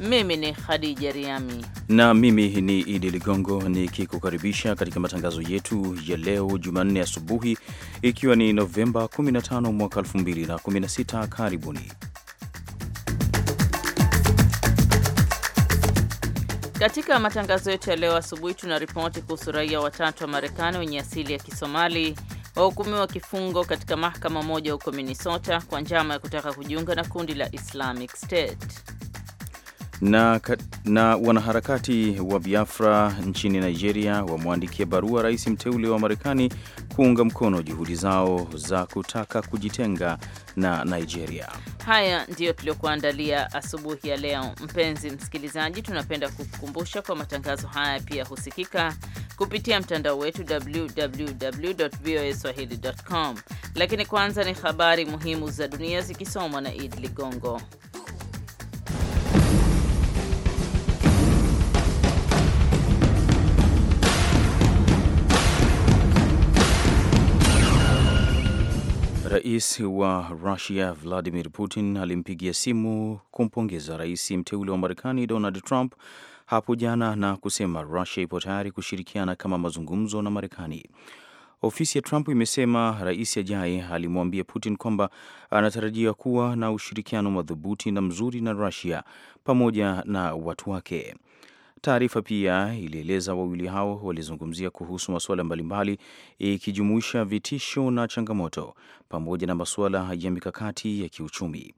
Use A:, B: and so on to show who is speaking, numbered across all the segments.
A: mimi ni Khadija Riami
B: na mimi ni Idi Ligongo nikikukaribisha katika matangazo yetu ya leo Jumanne asubuhi, ikiwa ni Novemba 15 mwaka 2016. Karibuni
A: katika matangazo yetu ya leo asubuhi. Tuna ripoti kuhusu raia watatu wa Marekani wenye asili ya Kisomali wahukumiwa kifungo katika mahakama moja huko Minnesota kwa njama ya kutaka kujiunga na kundi la Islamic State.
B: Na, na wanaharakati wa Biafra nchini Nigeria wamwandikia barua rais mteule wa Marekani kuunga mkono juhudi zao za kutaka kujitenga na Nigeria.
A: Haya ndiyo tuliokuandalia asubuhi ya leo. Mpenzi msikilizaji, tunapenda kukukumbusha kwa matangazo haya pia husikika kupitia mtandao wetu www.voaswahili.com. Lakini kwanza ni habari muhimu za dunia zikisomwa na Idi Ligongo.
B: Rais wa Rusia Vladimir Putin alimpigia simu kumpongeza rais mteule wa Marekani Donald Trump hapo jana na kusema Rusia ipo tayari kushirikiana kama mazungumzo na Marekani. Ofisi ya Trump imesema rais ajaye alimwambia Putin kwamba anatarajia kuwa na ushirikiano madhubuti na mzuri na Rusia pamoja na watu wake. Taarifa pia ilieleza wawili hao walizungumzia kuhusu masuala mbalimbali ikijumuisha vitisho na changamoto pamoja na masuala ya mikakati ya kiuchumi.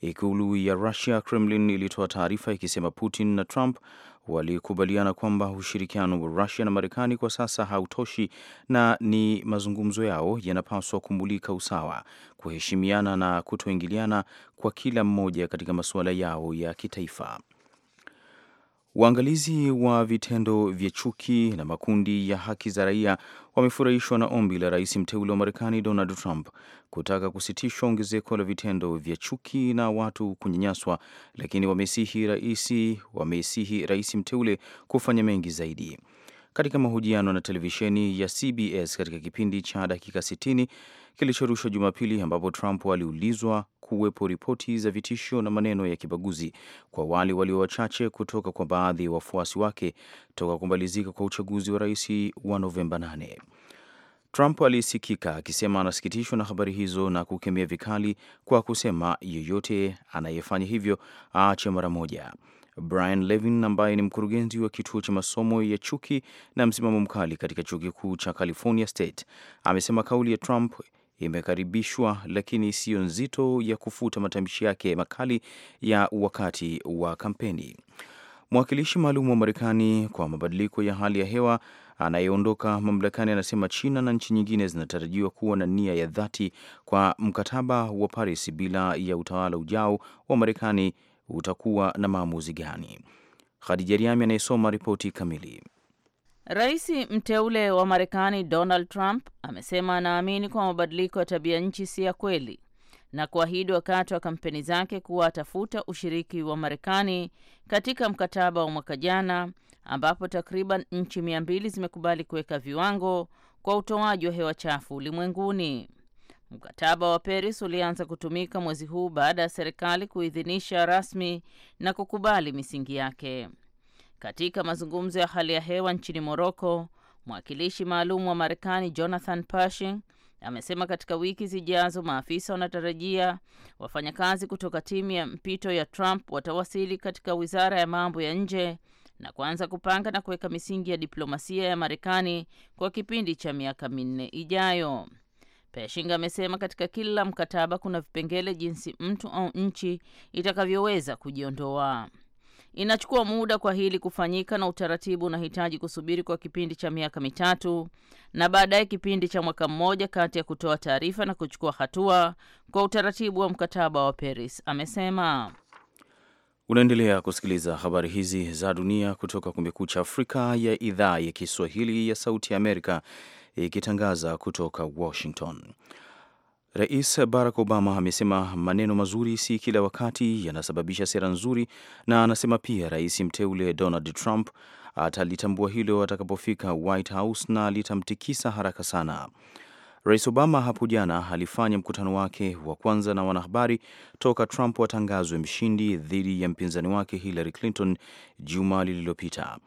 B: Ikulu ya Russia, Kremlin, ilitoa taarifa ikisema Putin na Trump walikubaliana kwamba ushirikiano wa Russia na Marekani kwa sasa hautoshi na ni mazungumzo yao yanapaswa kumulika usawa, kuheshimiana na kutoingiliana kwa kila mmoja katika masuala yao ya kitaifa. Waangalizi wa vitendo vya chuki na makundi ya haki za raia wamefurahishwa na ombi la rais mteule wa Marekani Donald Trump kutaka kusitishwa ongezeko la vitendo vya chuki na watu kunyanyaswa, lakini wamesihi rais wamesihi rais mteule kufanya mengi zaidi katika mahojiano na televisheni ya CBS katika kipindi cha dakika 60 kilichorushwa Jumapili, ambapo Trump aliulizwa kuwepo ripoti za vitisho na maneno ya kibaguzi kwa wale walio wachache kutoka kwa baadhi ya wafuasi wake toka kumalizika kwa uchaguzi wa rais wa Novemba 8. Trump alisikika akisema anasikitishwa na habari hizo na kukemea vikali kwa kusema yeyote anayefanya hivyo aache mara moja. Brian Levin ambaye ni mkurugenzi wa kituo cha masomo ya chuki na msimamo mkali katika chuo kikuu cha California State amesema kauli ya Trump imekaribishwa lakini siyo nzito ya kufuta matamshi yake makali ya wakati wa kampeni. Mwakilishi maalum wa Marekani kwa mabadiliko ya hali ya hewa anayeondoka mamlakani anasema China na nchi nyingine zinatarajiwa kuwa na nia ya dhati kwa mkataba wa Paris bila ya utawala ujao wa Marekani utakuwa na maamuzi gani? Khadija Riami anayesoma ripoti kamili.
A: Rais mteule wa Marekani Donald Trump amesema anaamini kwa mabadiliko ya tabia nchi si ya kweli na kuahidi wakati wa kampeni zake kuwa atafuta ushiriki wa Marekani katika mkataba wa mwaka jana ambapo takriban nchi mia mbili zimekubali kuweka viwango kwa utoaji wa hewa chafu ulimwenguni. Mkataba wa Paris ulianza kutumika mwezi huu baada ya serikali kuidhinisha rasmi na kukubali misingi yake. Katika mazungumzo ya hali ya hewa nchini Moroko, mwakilishi maalum wa Marekani Jonathan Pershing amesema katika wiki zijazo maafisa wanatarajia wafanyakazi kutoka timu ya mpito ya Trump watawasili katika wizara ya mambo ya nje na kuanza kupanga na kuweka misingi ya diplomasia ya Marekani kwa kipindi cha miaka minne ijayo. Peashinga amesema katika kila mkataba kuna vipengele jinsi mtu au nchi itakavyoweza kujiondoa. Inachukua muda kwa hili kufanyika na utaratibu unahitaji kusubiri kwa kipindi cha miaka mitatu na baadaye kipindi cha mwaka mmoja kati ya kutoa taarifa na kuchukua hatua kwa utaratibu wa mkataba wa Paris, amesema.
B: Unaendelea kusikiliza habari hizi za dunia kutoka Kumekucha Afrika ya idhaa ya Kiswahili ya Sauti ya Amerika ikitangaza kutoka Washington. Rais Barack Obama amesema maneno mazuri si kila wakati yanasababisha sera nzuri, na anasema pia rais mteule Donald Trump atalitambua hilo atakapofika White House na litamtikisa haraka sana. Rais Obama hapo jana alifanya mkutano wake wa kwanza na wanahabari toka Trump atangazwe mshindi dhidi ya mpinzani wake Hillary Clinton juma lililopita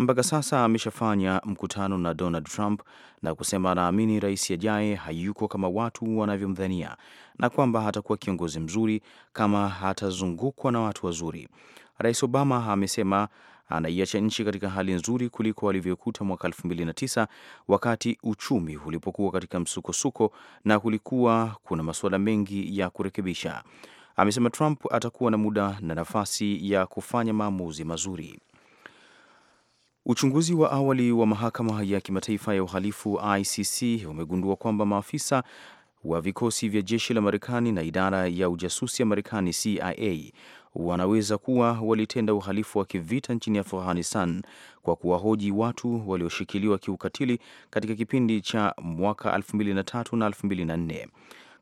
B: mpaka sasa ameshafanya mkutano na Donald Trump na kusema anaamini rais ajaye hayuko kama watu wanavyomdhania na kwamba hatakuwa kiongozi mzuri kama hatazungukwa na watu wazuri. Rais Obama amesema anaiacha nchi katika hali nzuri kuliko alivyokuta mwaka 2009 wakati uchumi ulipokuwa katika msukosuko na kulikuwa kuna masuala mengi ya kurekebisha. Amesema Trump atakuwa na muda na nafasi ya kufanya maamuzi mazuri. Uchunguzi wa awali wa mahakama ya kimataifa ya uhalifu ICC umegundua kwamba maafisa wa vikosi vya jeshi la Marekani na idara ya ujasusi ya Marekani CIA wanaweza kuwa walitenda uhalifu wa kivita nchini Afghanistan kwa kuwahoji watu walioshikiliwa kiukatili katika kipindi cha mwaka 2003 na 2004.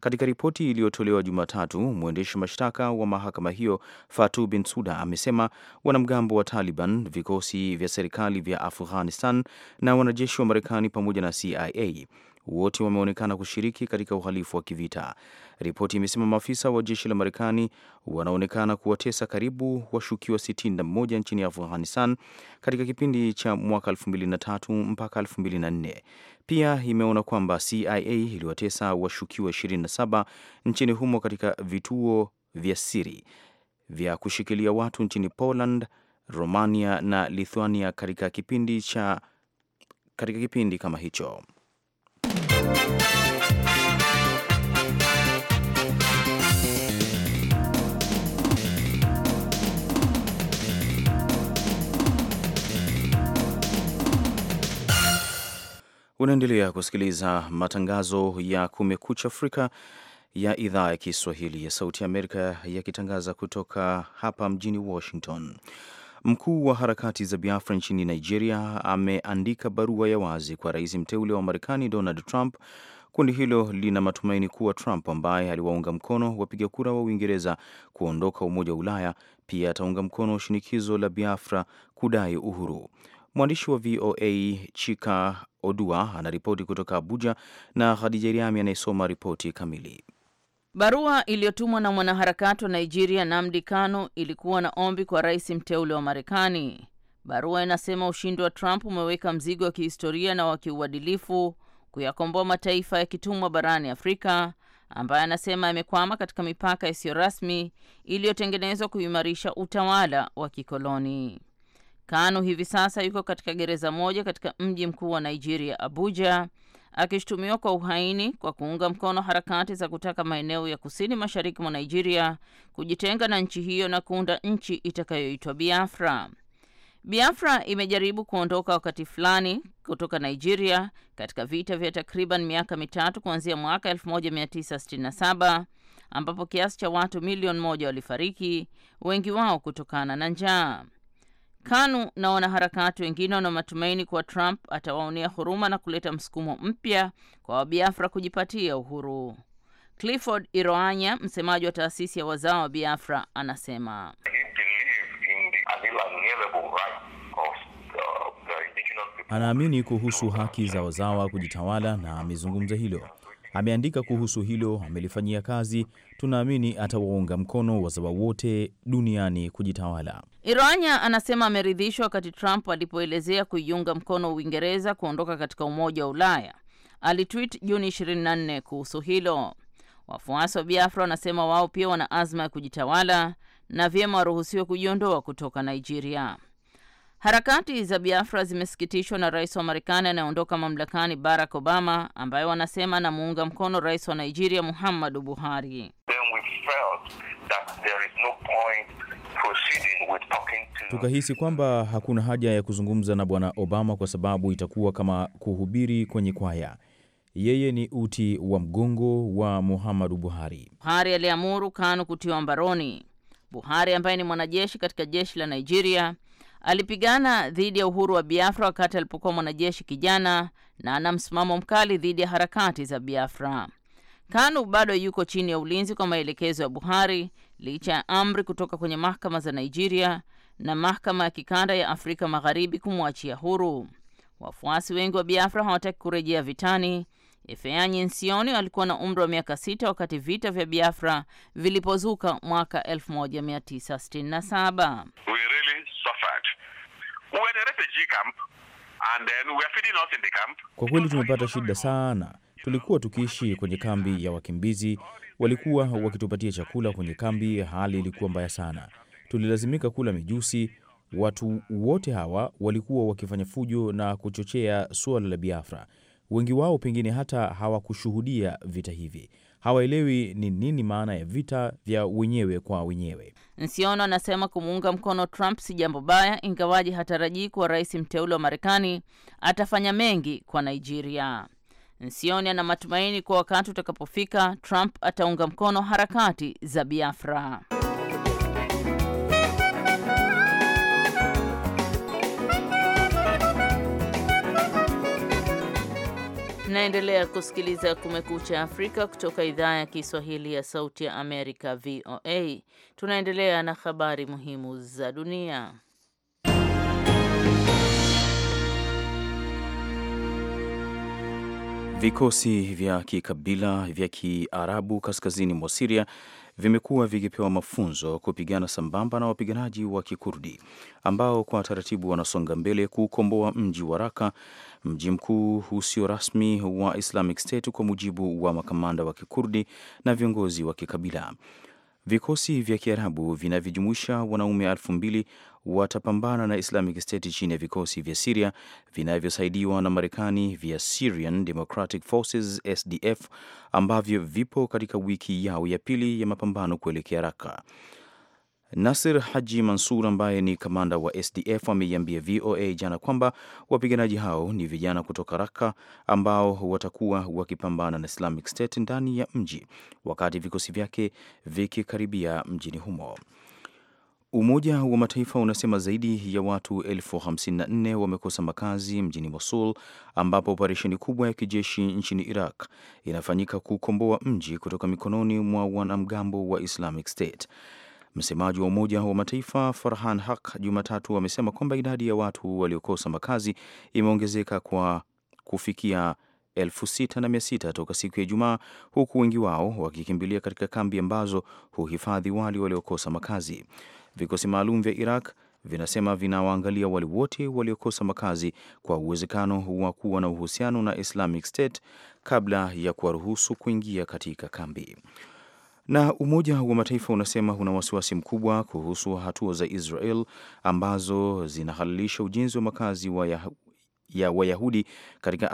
B: Katika ripoti iliyotolewa Jumatatu, mwendesha mashtaka wa mahakama hiyo Fatu Bin Suda amesema wanamgambo wa Taliban, vikosi vya serikali vya Afghanistan na wanajeshi wa Marekani pamoja na CIA wote wameonekana kushiriki katika uhalifu wa kivita. Ripoti imesema maafisa wa jeshi la Marekani wanaonekana kuwatesa karibu washukiwa 61 nchini Afghanistan katika kipindi cha mwaka 2003 mpaka 2004. Pia imeona kwamba CIA iliwatesa washukiwa 27 nchini humo katika vituo vya siri vya kushikilia watu nchini Poland, Romania na Lithuania katika kipindi cha katika kipindi kama hicho. Unaendelea kusikiliza matangazo ya Kumekucha Afrika ya idhaa ya Kiswahili ya Sauti Amerika yakitangaza kutoka hapa mjini Washington. Mkuu wa harakati za Biafra nchini Nigeria ameandika barua ya wazi kwa rais mteule wa Marekani Donald Trump. Kundi hilo lina matumaini kuwa Trump ambaye aliwaunga mkono wapiga kura wa Uingereza kuondoka Umoja wa Ulaya pia ataunga mkono shinikizo la Biafra kudai uhuru. Mwandishi wa VOA Chika Odua anaripoti kutoka Abuja na Khadija Riami anayesoma ripoti kamili.
A: Barua iliyotumwa na mwanaharakati wa Nigeria Namdi Kano ilikuwa na ombi kwa rais mteule wa Marekani. Barua inasema ushindi wa Trump umeweka mzigo wa kihistoria na wa kiuadilifu kuyakomboa mataifa ya kitumwa barani Afrika ambayo anasema yamekwama katika mipaka isiyo rasmi iliyotengenezwa kuimarisha utawala wa kikoloni. Kanu hivi sasa yuko katika gereza moja katika mji mkuu wa Nigeria, Abuja, akishutumiwa kwa uhaini kwa kuunga mkono harakati za kutaka maeneo ya kusini mashariki mwa Nigeria kujitenga na nchi hiyo na kuunda nchi itakayoitwa Biafra. Biafra imejaribu kuondoka wakati fulani kutoka Nigeria katika vita vya takriban miaka mitatu kuanzia mwaka 1967 ambapo kiasi cha watu milioni moja walifariki, wengi wao kutokana na njaa. Kanu na wanaharakati wengine wana matumaini kuwa Trump atawaonea huruma na kuleta msukumo mpya kwa Wabiafra kujipatia uhuru. Clifford Iroanya, msemaji wa taasisi ya wazao wa Biafra, anasema
B: anaamini kuhusu haki za wazawa kujitawala na amezungumza hilo ameandika kuhusu hilo, amelifanyia kazi. Tunaamini atawaunga mkono wazawa wote duniani kujitawala.
A: Iranya anasema ameridhishwa wakati Trump alipoelezea kuiunga mkono Uingereza kuondoka katika Umoja wa Ulaya. alitwit Juni 24 kuhusu hilo. Wafuasi wa Biafra wanasema wao pia wana azma ya kujitawala na vyema waruhusiwe kujiondoa kutoka Nigeria. Harakati za Biafra zimesikitishwa na rais wa Marekani anayeondoka mamlakani Barack Obama, ambaye wanasema anamuunga mkono rais wa Nigeria Muhammadu Buhari.
B: Tukahisi kwamba hakuna haja ya kuzungumza na bwana Obama kwa sababu itakuwa kama kuhubiri kwenye kwaya. Yeye ni uti wa mgongo wa Muhammadu Buhari.
A: Buhari aliamuru Kanu kutiwa mbaroni. Buhari ambaye ni mwanajeshi katika jeshi la Nigeria Alipigana dhidi ya uhuru wa Biafra wakati alipokuwa mwanajeshi kijana na ana msimamo mkali dhidi ya harakati za Biafra. Kanu bado yuko chini ya ulinzi kwa maelekezo ya Buhari licha ya amri kutoka kwenye mahakama za Nigeria na mahakama ya kikanda ya Afrika Magharibi kumwachia huru. Wafuasi wengi wa Biafra hawataki kurejea vitani. Ifeanyi Nsioni alikuwa na umri wa miaka sita wakati vita vya Biafra vilipozuka mwaka 1967
C: refugee camp and then we are feeding us in the camp.
B: Kwa kweli tumepata shida sana. Tulikuwa tukiishi kwenye kambi ya wakimbizi, walikuwa wakitupatia chakula kwenye kambi. Hali ilikuwa mbaya sana, tulilazimika kula mijusi. Watu wote hawa walikuwa wakifanya fujo na kuchochea suala la Biafra. Wengi wao pengine hata hawakushuhudia vita hivi hawaelewi ni nini maana ya vita vya wenyewe kwa wenyewe.
A: Nsiono anasema kumuunga mkono Trump si jambo baya, ingawaji hatarajii kuwa rais mteule wa Marekani atafanya mengi kwa Nigeria. Nsioni ana matumaini kuwa wakati utakapofika Trump ataunga mkono harakati za Biafra. naendelea kusikiliza Kumekucha Afrika kutoka idhaa ya Kiswahili ya Sauti ya Amerika, VOA. Tunaendelea na habari muhimu za dunia.
B: Vikosi vya kikabila vya Kiarabu kaskazini mwa Siria vimekuwa vikipewa mafunzo kupigana sambamba na wapiganaji wa Kikurdi ambao kwa taratibu wanasonga mbele kuukomboa mji wa Raka, mji mkuu usio rasmi wa Islamic State, kwa mujibu wa makamanda wa Kikurdi na viongozi wa kikabila. Vikosi vya Kiarabu vinavyojumuisha wanaume elfu mbili watapambana na Islamic State chini ya vikosi vya Siria vinavyosaidiwa na Marekani vya Syrian Democratic Forces SDF ambavyo vipo katika wiki yao ya pili ya mapambano kuelekea Raka. Nasir Haji Mansur ambaye ni kamanda wa SDF ameiambia VOA jana kwamba wapiganaji hao ni vijana kutoka Raka ambao watakuwa wakipambana na Islamic State ndani ya mji wakati vikosi vyake vikikaribia mjini humo. Umoja wa Mataifa unasema zaidi ya watu elfu 54 wamekosa makazi mjini Mosul ambapo operesheni kubwa ya kijeshi nchini Iraq inafanyika kukomboa mji kutoka mikononi mwa wanamgambo wa Islamic State. Msemaji wa Umoja wa Mataifa Farhan Haq Jumatatu amesema kwamba idadi ya watu waliokosa makazi imeongezeka kwa kufikia 6600 toka siku ya Ijumaa, huku wengi wao wakikimbilia katika kambi ambazo huhifadhi wale waliokosa makazi. Vikosi maalum vya Iraq vinasema vinawaangalia wale wote waliokosa makazi kwa uwezekano wa kuwa na uhusiano na Islamic State kabla ya kuwaruhusu kuingia katika kambi. Na Umoja wa Mataifa unasema una wasiwasi mkubwa kuhusu hatua za Israel ambazo zinahalalisha ujenzi wa makazi wa ya ya Wayahudi katika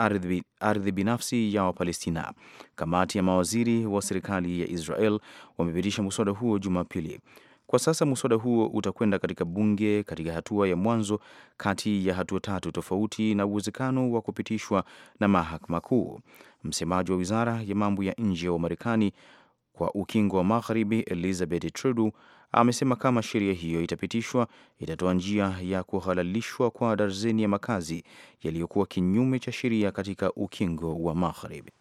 B: ardhi, binafsi ya Wapalestina. Kamati ya mawaziri wa serikali ya Israel wamepitisha mswada huo Jumapili. Kwa sasa muswada huo utakwenda katika bunge katika hatua ya mwanzo kati ya hatua tatu tofauti na uwezekano wa kupitishwa na mahakama kuu. Msemaji wa wizara ya mambo ya nje wa Marekani kwa ukingo wa magharibi Elizabeth Trudeau amesema kama sheria hiyo itapitishwa, itatoa njia ya kuhalalishwa kwa darzeni ya makazi yaliyokuwa kinyume cha sheria katika ukingo wa magharibi.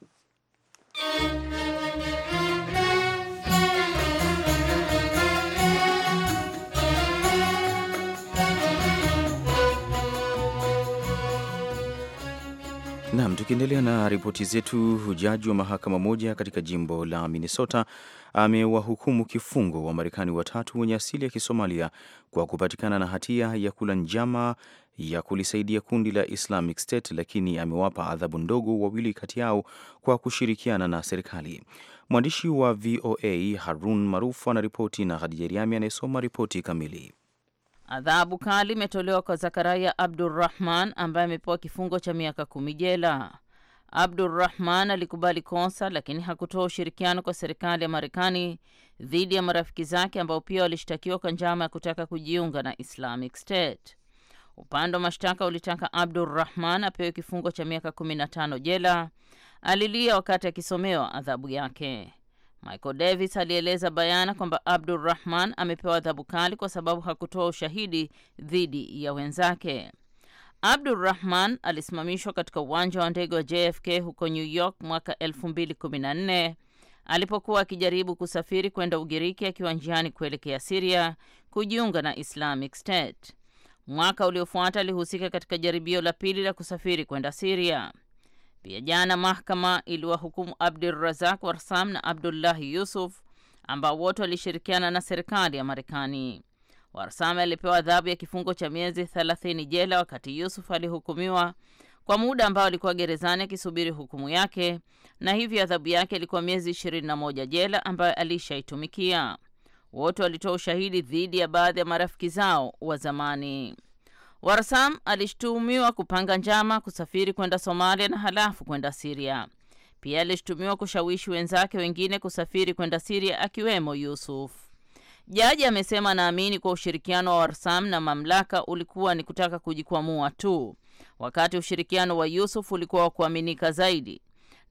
B: Nam, tukiendelea na, na ripoti zetu, hujaji wa mahakama moja katika jimbo la Minnesota amewahukumu kifungo wa Marekani watatu wenye asili ya Kisomalia kwa kupatikana na hatia ya kula njama ya kulisaidia kundi la Islamic State, lakini amewapa adhabu ndogo wawili kati yao kwa kushirikiana na serikali. Mwandishi wa VOA Harun Maruf anaripoti na Hadija Riami anayesoma ripoti kamili.
A: Adhabu kali imetolewa kwa zakaraya Abdurrahman ambaye amepewa kifungo cha miaka kumi jela. Abdurrahman alikubali kosa lakini hakutoa ushirikiano kwa serikali ya Marekani dhidi ya marafiki zake ambao pia walishtakiwa kwa njama ya kutaka kujiunga na Islamic State. Upande wa mashtaka ulitaka Abdurrahman apewe kifungo cha miaka 15 jela. Alilia wakati akisomewa adhabu yake. Michael Davis alieleza bayana kwamba Abdurrahman amepewa adhabu kali kwa sababu hakutoa ushahidi dhidi ya wenzake. Abdurrahman alisimamishwa katika uwanja wa ndege wa JFK huko New York mwaka 2014 alipokuwa akijaribu kusafiri kwenda Ugiriki akiwa njiani kuelekea Siria kujiunga na Islamic State. Mwaka uliofuata alihusika katika jaribio la pili la kusafiri kwenda Siria. Pia jana mahakama iliwahukumu Abdul Razak Warsam na Abdullahi Yusuf ambao wote walishirikiana na serikali ya Marekani. warsam alipewa adhabu ya kifungo cha miezi 30 jela, wakati Yusuf alihukumiwa kwa muda ambao alikuwa gerezani akisubiri hukumu yake, na hivyo adhabu yake ilikuwa miezi 21 jela ambayo alishaitumikia. Wote walitoa ushahidi dhidi ya baadhi ya marafiki zao wa zamani. Warsam alishtumiwa kupanga njama kusafiri kwenda Somalia na halafu kwenda Siria. Pia alishtumiwa kushawishi wenzake wengine kusafiri kwenda Siria akiwemo Yusuf. Jaji amesema anaamini kwa ushirikiano wa Warsam na mamlaka ulikuwa ni kutaka kujikwamua tu, wakati ushirikiano wa Yusuf ulikuwa wa kuaminika zaidi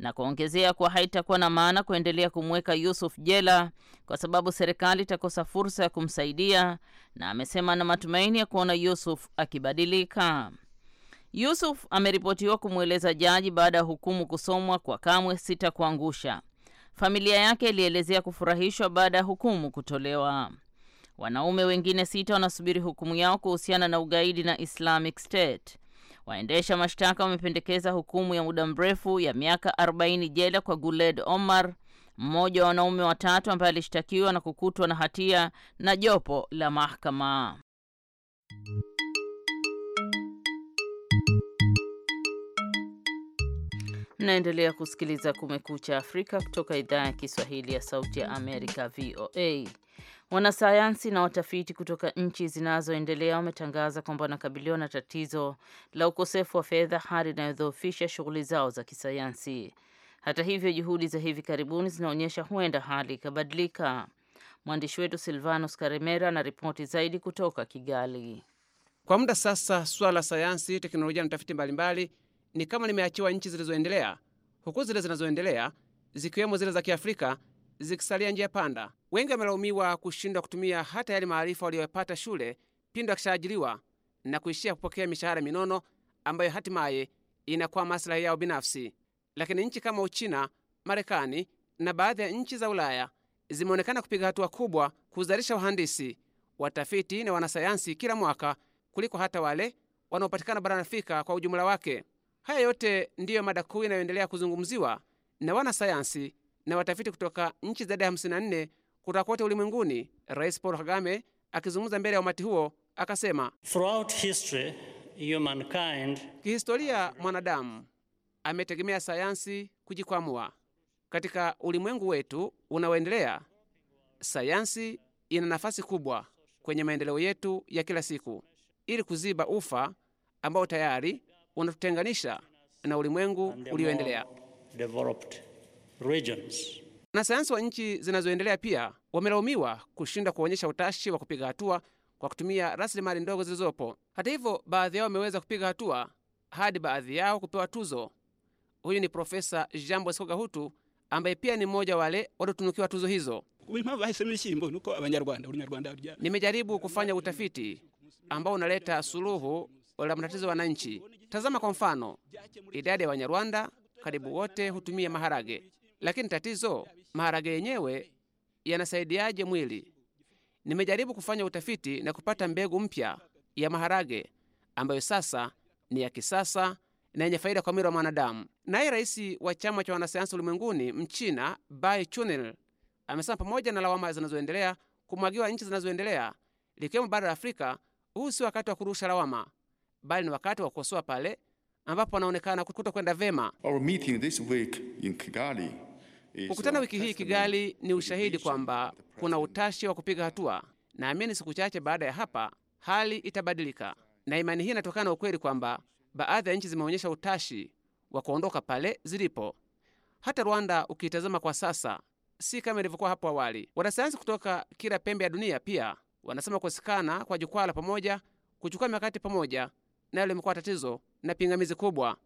A: na kuongezea kuwa haitakuwa na maana kuendelea kumweka Yusuf jela kwa sababu serikali itakosa fursa ya kumsaidia, na amesema ana matumaini ya kuona Yusuf akibadilika. Yusuf ameripotiwa kumweleza jaji baada ya hukumu kusomwa kwa kamwe sitakuangusha. Familia yake ilielezea kufurahishwa baada ya hukumu kutolewa. Wanaume wengine sita wanasubiri hukumu yao kuhusiana na ugaidi na Islamic State. Waendesha mashtaka wamependekeza hukumu ya muda mrefu ya miaka 40 jela kwa Guled Omar, mmoja wa wanaume watatu ambaye alishtakiwa na kukutwa na hatia na jopo la mahakama. Naendelea kusikiliza Kumekucha Afrika kutoka idhaa ya Kiswahili ya Sauti ya Amerika, VOA. Wanasayansi na watafiti kutoka nchi zinazoendelea wametangaza kwamba wanakabiliwa na tatizo la ukosefu wa fedha, hali inayodhoofisha shughuli zao za kisayansi. Hata hivyo, juhudi za hivi karibuni zinaonyesha huenda hali ikabadilika. Mwandishi wetu Silvanos
D: Karemera ana ripoti zaidi kutoka Kigali. Kwa muda sasa, suala la sayansi, teknolojia na tafiti mbalimbali ni kama limeachiwa nchi zilizoendelea, huku zile zinazoendelea zikiwemo zile za Kiafrika zikisalia njia panda. Wengi wamelaumiwa kushindwa kutumia hata yale maarifa waliyoyapata shule pindi wakishaajiliwa na kuishia kupokea mishahara minono ambayo hatimaye inakuwa masilahi yao binafsi. Lakini nchi kama Uchina, Marekani na baadhi ya nchi za Ulaya zimeonekana kupiga hatua kubwa kuzalisha wahandisi, watafiti na wanasayansi kila mwaka kuliko hata wale wanaopatikana barani Afrika kwa ujumla wake. Haya yote ndiyo mada kuu inayoendelea kuzungumziwa na wanasayansi na watafiti kutoka nchi zaidi ya 54 kutoka kote ulimwenguni. Rais Paul Kagame akizungumza mbele ya umati huo akasema, Throughout history, humankind... kihistoria mwanadamu ametegemea sayansi kujikwamua. Katika ulimwengu wetu unaoendelea, sayansi ina nafasi kubwa kwenye maendeleo yetu ya kila siku ili kuziba ufa ambao tayari unatutenganisha na ulimwengu ulioendelea regions. Wanasayansi wa nchi zinazoendelea pia wamelaumiwa kushindwa kuonyesha utashi wa kupiga hatua kwa kutumia rasilimali ndogo zilizopo. Hata hivyo, baadhi yao wameweza kupiga hatua hadi baadhi yao kupewa tuzo. Huyu ni Profesa Jean Bosco Gahutu ambaye pia ni mmoja wale waliotunukiwa tuzo hizo. Nimejaribu kufanya utafiti ambao unaleta suluhu la matatizo ya wananchi. Tazama kwa mfano, idadi ya Wanyarwanda karibu wote hutumia maharage, lakini tatizo, maharage yenyewe yanasaidiaje mwili? Nimejaribu kufanya utafiti na kupata mbegu mpya ya maharage ambayo sasa ni ya kisasa na yenye faida kwa mwili wa mwanadamu. Naye rais wa chama cha wanasayansi ulimwenguni Mchina Bai Chunil amesema pamoja na lawama zinazoendelea kumwagiwa nchi zinazoendelea likiwemo bara la Afrika, huu si wakati wa kurusha lawama, bali ni wakati wa kukosoa pale ambapo wanaonekana kutokwenda vema.
B: Our meeting this week in Kigali
D: Kukutana wiki hii Kigali ni ushahidi kwamba kuna utashi wa kupiga hatua. Naamini siku chache baada ya hapa hali itabadilika, na imani hii inatokana na ukweli kwamba baadhi ya nchi zimeonyesha utashi wa kuondoka pale zilipo. Hata Rwanda ukiitazama kwa sasa si kama ilivyokuwa hapo awali. Wanasayansi kutoka kila pembe ya dunia pia wanasema kukosekana kwa jukwaa la pamoja, kuchukua mikakati pamoja, nayo limekuwa tatizo na pingamizi kubwa.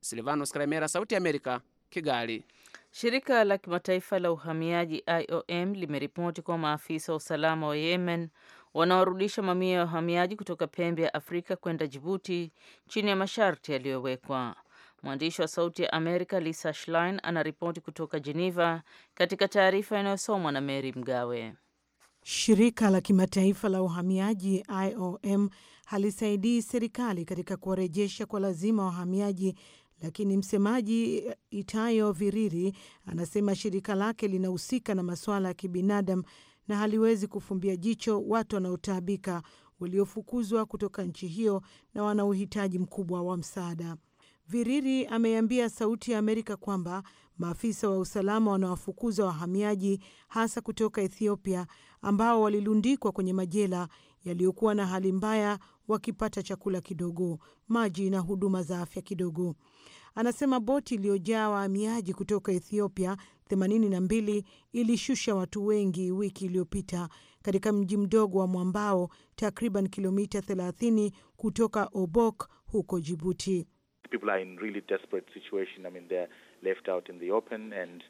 D: Silvanos Karemera, Sauti ya Amerika, Kigali. Shirika la kimataifa la
A: uhamiaji IOM limeripoti kwa maafisa wa usalama wa Yemen wanaorudisha mamia ya wahamiaji kutoka pembe ya Afrika kwenda Jibuti chini ya masharti yaliyowekwa. Mwandishi wa Sauti ya Amerika Lisa Schlein anaripoti kutoka Geneva katika taarifa inayosomwa na Mary Mgawe.
E: Shirika la kimataifa la uhamiaji IOM halisaidii serikali katika kuwarejesha kwa lazima wahamiaji lakini msemaji eh, Itayo Viriri anasema shirika lake linahusika na masuala ya kibinadamu na haliwezi kufumbia jicho watu wanaotaabika waliofukuzwa kutoka nchi hiyo na wana uhitaji mkubwa wa msaada. Viriri ameambia Sauti ya Amerika kwamba maafisa wa usalama wanawafukuza wahamiaji hasa kutoka Ethiopia ambao walilundikwa kwenye majela yaliyokuwa na hali mbaya wakipata chakula kidogo, maji na huduma za afya kidogo. Anasema boti iliyojaa wahamiaji kutoka Ethiopia 82 ilishusha watu wengi wiki iliyopita katika mji mdogo wa mwambao takriban kilomita 30 kutoka Obok huko Jibuti.
B: People are in really desperate situation. I mean, they're left out in the open and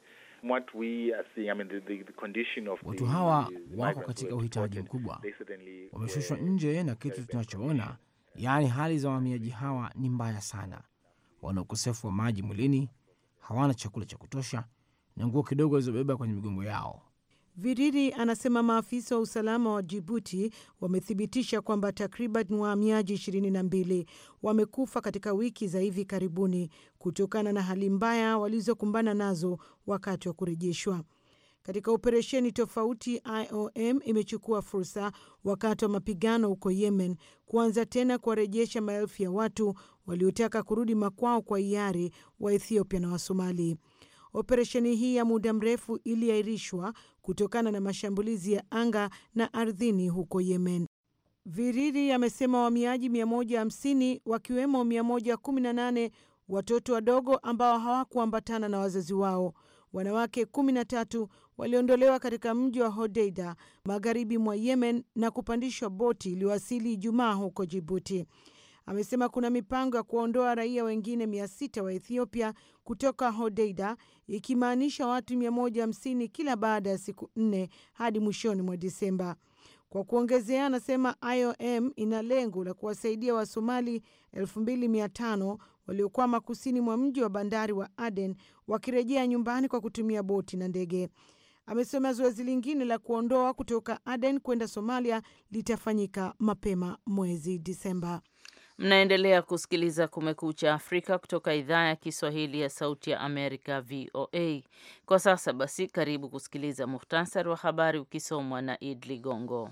C: Watu hawa wako katika uhitaji
B: mkubwa, wameshushwa nje na kitu tunachoona, yaani hali za wahamiaji hawa ni mbaya sana. Wana ukosefu wa maji mwilini, hawana chakula cha kutosha na nguo kidogo walizobeba kwenye migongo yao
E: viriri anasema maafisa wa usalama wa Jibuti wamethibitisha kwamba takriban wahamiaji ishirini na mbili wamekufa katika wiki za hivi karibuni kutokana na hali mbaya walizokumbana nazo wakati wa kurejeshwa. Katika operesheni tofauti, IOM imechukua fursa wakati wa mapigano huko Yemen kuanza tena kuwarejesha maelfu ya watu waliotaka kurudi makwao kwa hiari wa Ethiopia na Wasomali. Operesheni hii ya muda mrefu iliahirishwa kutokana na mashambulizi ya anga na ardhini huko Yemen. Viriri amesema wahamiaji 150 wakiwemo 118 watoto wadogo ambao hawakuambatana na wazazi wao, wanawake 13 waliondolewa katika mji wa Hodeida magharibi mwa Yemen na kupandishwa boti iliyowasili Ijumaa huko Jibuti amesema kuna mipango ya kuwaondoa raia wengine 6 wa Ethiopia kutoka Hodeida, ikimaanisha watu 150 kila baada ya siku nne hadi mwishoni mwa Disemba. Kwa kuongezea, anasema IOM ina lengo la kuwasaidia Wasomali 2500 waliokwama kusini mwa mji wa bandari wa Aden wakirejea nyumbani kwa kutumia boti na ndege. Amesema zoezi lingine la kuondoa kutoka Aden kwenda Somalia litafanyika mapema mwezi Disemba.
A: Mnaendelea kusikiliza Kumekucha Afrika kutoka idhaa ya Kiswahili ya Sauti ya Amerika, VOA. Kwa sasa basi, karibu kusikiliza muhtasari wa habari ukisomwa na Id Ligongo.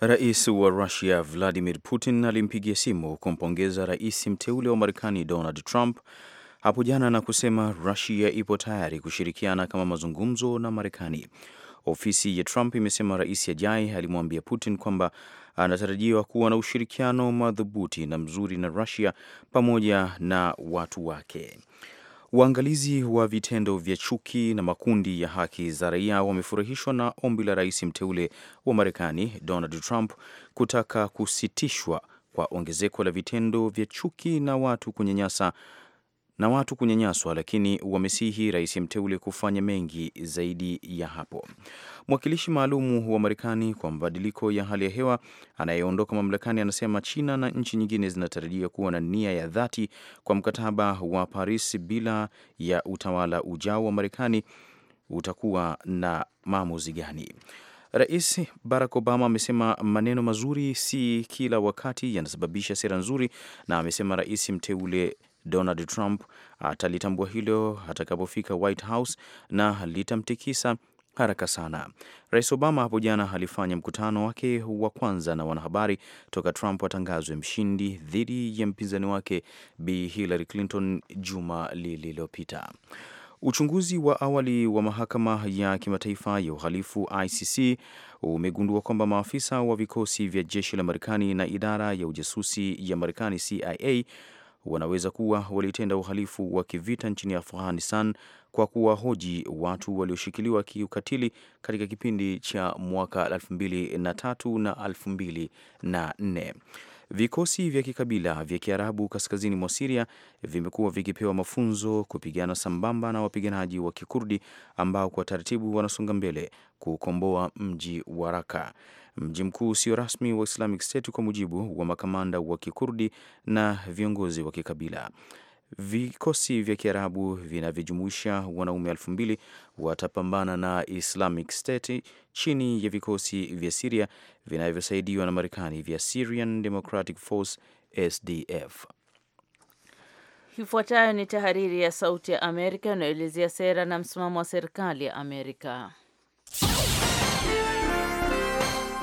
B: Rais wa Russia Vladimir Putin alimpigia simu kumpongeza rais mteule wa Marekani Donald Trump hapo jana na kusema Rusia ipo tayari kushirikiana kama mazungumzo na Marekani. Ofisi ya Trump imesema rais ajai alimwambia Putin kwamba anatarajiwa kuwa na ushirikiano madhubuti na mzuri na Rusia pamoja na watu wake. Waangalizi wa vitendo vya chuki na makundi ya haki za raia wamefurahishwa na ombi la rais mteule wa Marekani Donald Trump kutaka kusitishwa kwa ongezeko la vitendo vya chuki na watu kunyanyasa na watu kunyanyaswa, lakini wamesihi rais mteule kufanya mengi zaidi ya hapo. Mwakilishi maalum wa Marekani kwa mabadiliko ya hali ya hewa anayeondoka mamlakani anasema China na nchi nyingine zinatarajia kuwa na nia ya dhati kwa mkataba wa Paris bila ya utawala ujao wa Marekani utakuwa na maamuzi gani? Rais Barack Obama amesema maneno mazuri si kila wakati yanasababisha sera nzuri, na amesema rais mteule Donald Trump atalitambua hilo atakapofika White House na litamtikisa haraka sana. Rais Obama hapo jana alifanya mkutano wake wa kwanza na wanahabari toka Trump atangazwe mshindi dhidi ya mpinzani wake Bi Hillary Clinton juma lililopita. Uchunguzi wa awali wa mahakama ya kimataifa ya uhalifu ICC umegundua kwamba maafisa wa vikosi vya jeshi la Marekani na idara ya ujasusi ya Marekani CIA wanaweza kuwa walitenda uhalifu wa kivita nchini Afghanistan kwa kuwahoji watu walioshikiliwa kiukatili katika kipindi cha mwaka 2003 na 2004. Vikosi vya kikabila vya Kiarabu kaskazini mwa Siria vimekuwa vikipewa mafunzo kupigana sambamba na wapiganaji wa Kikurdi ambao kwa taratibu wanasonga mbele kukomboa mji wa Raka mji mkuu usio rasmi wa Islamic State kwa mujibu wa makamanda wa Kikurdi na viongozi wa kikabila. Vikosi vya Kiarabu vinavyojumuisha wanaume elfu mbili watapambana na Islamic State chini ya vikosi vya Siria vinavyosaidiwa na Marekani vya Syrian Democratic Force SDF.
A: Ifuatayo ni tahariri ya Sauti ya Amerika inayoelezea sera na msimamo wa serikali ya Amerika.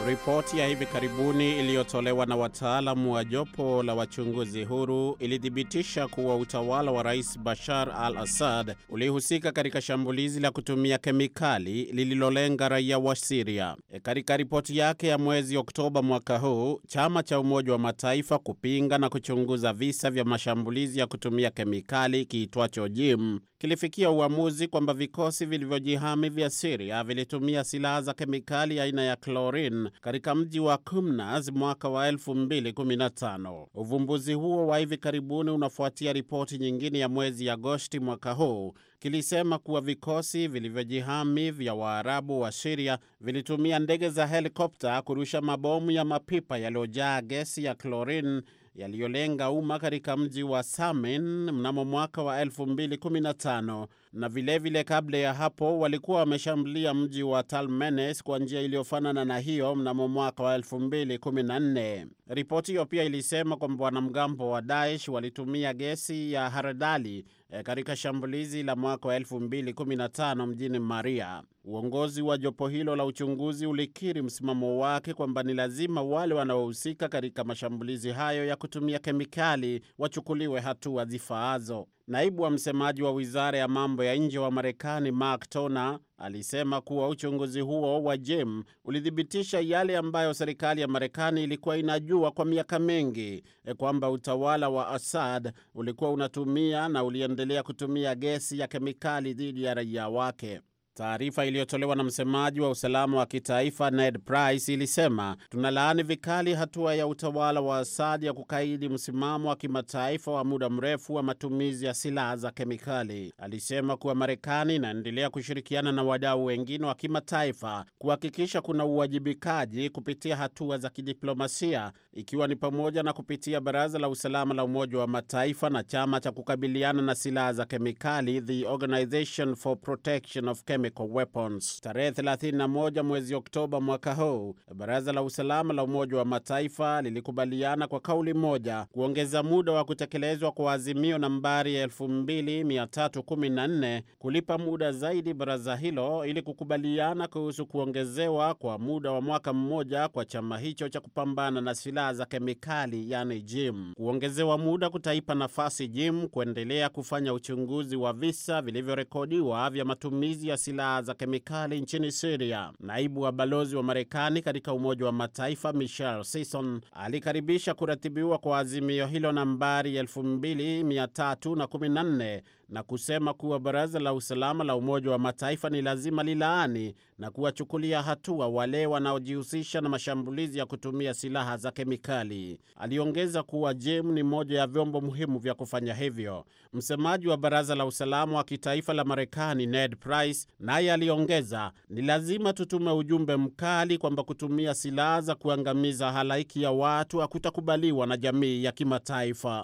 C: Ripoti ya hivi karibuni iliyotolewa na wataalamu wa jopo la wachunguzi huru ilithibitisha kuwa utawala wa Rais Bashar al-Assad ulihusika katika shambulizi la kutumia kemikali lililolenga raia wa Siria. E, katika ripoti yake ya mwezi Oktoba mwaka huu, chama cha Umoja wa Mataifa kupinga na kuchunguza visa vya mashambulizi ya kutumia kemikali kiitwacho JIM kilifikia uamuzi kwamba vikosi vilivyojihami vya Siria vilitumia silaha za kemikali aina ya klorin katika mji wa Kumnas mwaka wa 2015. Uvumbuzi huo wa hivi karibuni unafuatia ripoti nyingine ya mwezi Agosti mwaka huu kilisema kuwa vikosi vilivyojihami vya Waarabu wa Siria vilitumia ndege za helikopta kurusha mabomu ya mapipa yaliyojaa gesi ya clorin yaliyolenga umma katika mji wa Samen mnamo mwaka wa 2015 na vilevile vile kabla ya hapo walikuwa wameshambulia mji wa Talmenes kwa njia iliyofanana na hiyo mnamo mwaka wa 2014. Ripoti hiyo pia ilisema kwamba wanamgambo wa Daesh walitumia gesi ya haradali Eh, katika shambulizi la mwaka wa 2015 mjini Maria. Uongozi wa jopo hilo la uchunguzi ulikiri msimamo wake kwamba ni lazima wale wanaohusika katika mashambulizi hayo ya kutumia kemikali wachukuliwe hatua zifaazo. Naibu wa msemaji wa wizara ya mambo ya nje wa Marekani Mark Toner alisema kuwa uchunguzi huo wa JEM ulithibitisha yale ambayo serikali ya Marekani ilikuwa inajua kwa miaka mingi, e kwamba utawala wa Assad ulikuwa unatumia na uliendelea kutumia gesi ya kemikali dhidi ya raia wake. Taarifa iliyotolewa na msemaji wa usalama wa kitaifa Ned Price ilisema, tunalaani vikali hatua ya utawala wa Asadi ya kukaidi msimamo wa kimataifa wa muda mrefu wa matumizi ya silaha za kemikali. Alisema kuwa Marekani inaendelea kushirikiana na wadau wengine wa kimataifa kuhakikisha kuna uwajibikaji kupitia hatua za kidiplomasia, ikiwa ni pamoja na kupitia Baraza la Usalama la Umoja wa Mataifa na chama cha kukabiliana na silaha za kemikali, The Organization for Protection of chemical weapons. Tarehe 31 mwezi Oktoba mwaka huu, baraza la usalama la Umoja wa Mataifa lilikubaliana kwa kauli moja kuongeza muda wa kutekelezwa kwa azimio nambari 2314 kulipa muda zaidi baraza hilo ili kukubaliana kuhusu kuongezewa kwa muda wa mwaka mmoja kwa chama hicho cha kupambana na silaha za kemikali yani JIM. Kuongezewa muda kutaipa nafasi JIM kuendelea kufanya uchunguzi wa visa vilivyorekodiwa vya matumizi ya silaha silaha za kemikali nchini Siria. Naibu wa balozi wa Marekani katika Umoja wa Mataifa michel sison alikaribisha kuratibiwa kwa azimio hilo nambari 2314 na kusema kuwa Baraza la Usalama la Umoja wa Mataifa ni lazima lilaani na kuwachukulia hatua wale wanaojihusisha na mashambulizi ya kutumia silaha za kemikali. Aliongeza kuwa JEM ni moja ya vyombo muhimu vya kufanya hivyo. Msemaji wa Baraza la Usalama wa Kitaifa la Marekani Ned Price naye aliongeza, ni lazima tutume ujumbe mkali kwamba kutumia silaha za kuangamiza halaiki ya watu hakutakubaliwa na jamii ya kimataifa.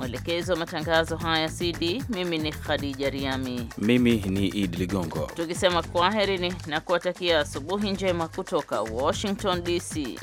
A: Mwelekezi wa matangazo haya CD. Mimi ni Khadija Riami,
B: mimi ni Idi Ligongo,
A: tukisema kwaherini na kuwatakia asubuhi njema kutoka Washington DC.